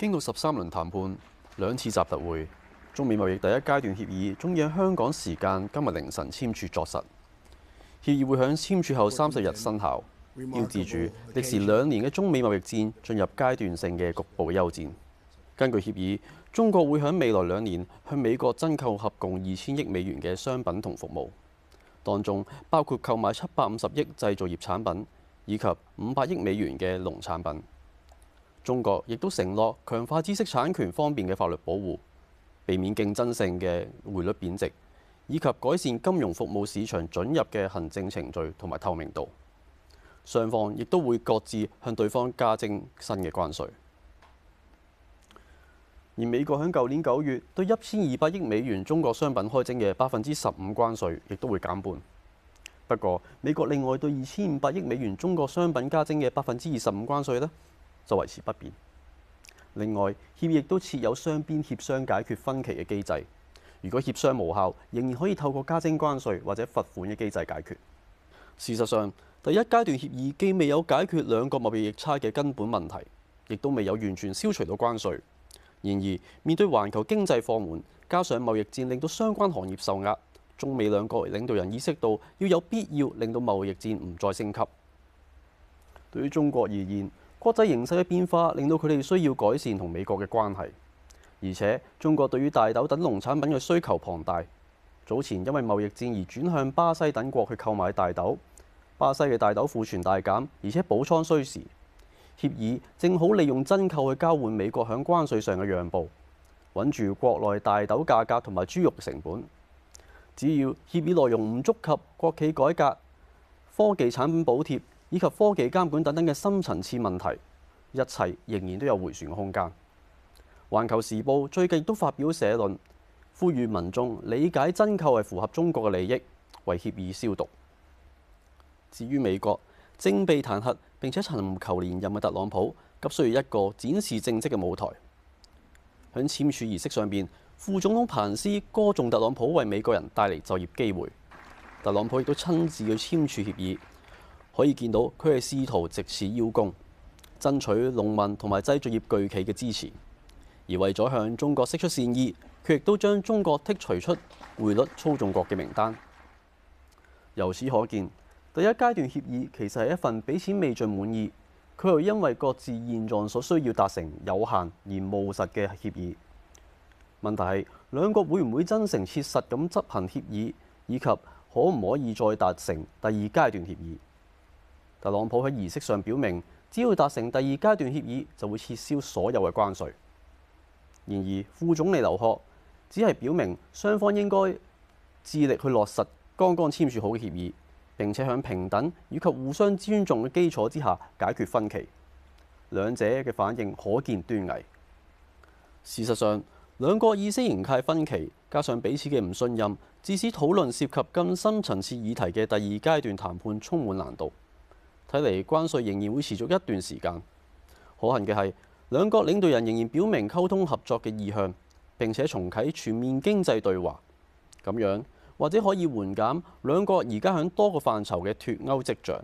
經過十三輪談判，兩次集特會，中美貿易第一階段協議終於喺香港時間今日凌晨簽署作實。協議會響簽署後三十日生效，標誌住歷時兩年嘅中美貿易戰進入階段性嘅局部休戰。根據協議，中國會響未來兩年向美國增購合共二千億美元嘅商品同服務，當中包括購買七百五十億製造業產品以及五百億美元嘅農產品。中國亦都承諾強化知識產權方面嘅法律保護，避免競爭性嘅匯率貶值，以及改善金融服務市場准入嘅行政程序同埋透明度。雙方亦都會各自向對方加徵新嘅關稅，而美國喺舊年九月對一千二百億美元中國商品開徵嘅百分之十五關稅，亦都會減半。不過，美國另外對二千五百億美元中國商品加徵嘅百分之二十五關稅呢，就維持不變。另外，協議亦都設有雙邊協商解決分歧嘅機制。如果協商無效，仍然可以透過加徵關稅或者罰款嘅機制解決。事實上，第一階段協議既未有解決兩國貿易逆差嘅根本問題，亦都未有完全消除到關稅。然而，面對環球經濟放緩，加上貿易戰令到相關行業受壓，中美兩國領導人意識到要有必要令到貿易戰唔再升級。對於中國而言，國際形勢嘅變化令到佢哋需要改善同美國嘅關係，而且中國對於大豆等農產品嘅需求龐大。早前因為貿易戰而轉向巴西等國去購買大豆，巴西嘅大豆庫存大減，而且補倉需時。協議正好利用增購去交換美國響關稅上嘅讓步，穩住國內大豆價格同埋豬肉成本。只要協議內容唔觸及國企改革、科技產品補貼，以及科技監管等等嘅深層次問題，一切仍然都有回旋空間。環球時報最近亦都發表社論，呼籲民眾理解增購係符合中國嘅利益，為協議消毒。至於美國，正被彈劾並且尋求連任嘅特朗普，急需要一個展示政績嘅舞台。響簽署儀式上邊，副總統彭斯歌頌特朗普為美國人帶嚟就業機會，特朗普亦都親自去簽署協議。可以見到，佢係試圖藉此邀功，爭取農民同埋製造業巨企嘅支持。而為咗向中國釋出善意，佢亦都將中國剔除出匯率操縱國嘅名單。由此可見，第一階段協議其實係一份彼此未盡滿意，佢又因為各自現狀所需要達成有限而務實嘅協議。問題係兩國會唔會真誠切實咁執行協議，以及可唔可以再達成第二階段協議？特朗普喺儀式上表明，只要達成第二階段協議，就會撤銷所有嘅關稅。然而，副總理劉鶴只係表明雙方應該致力去落實剛剛簽署好嘅協議，並且喺平等以及互相尊重嘅基礎之下解決分歧。兩者嘅反應可見端倪。事實上，兩國意識形態分歧，加上彼此嘅唔信任，致使討論涉及更深層次議題嘅第二階段談判充滿難度。睇嚟關稅仍然會持續一段時間，可恨嘅係兩國領導人仍然表明溝通合作嘅意向，並且重啟全面經濟對話，咁樣或者可以緩減兩國而家喺多個範疇嘅脱歐跡象。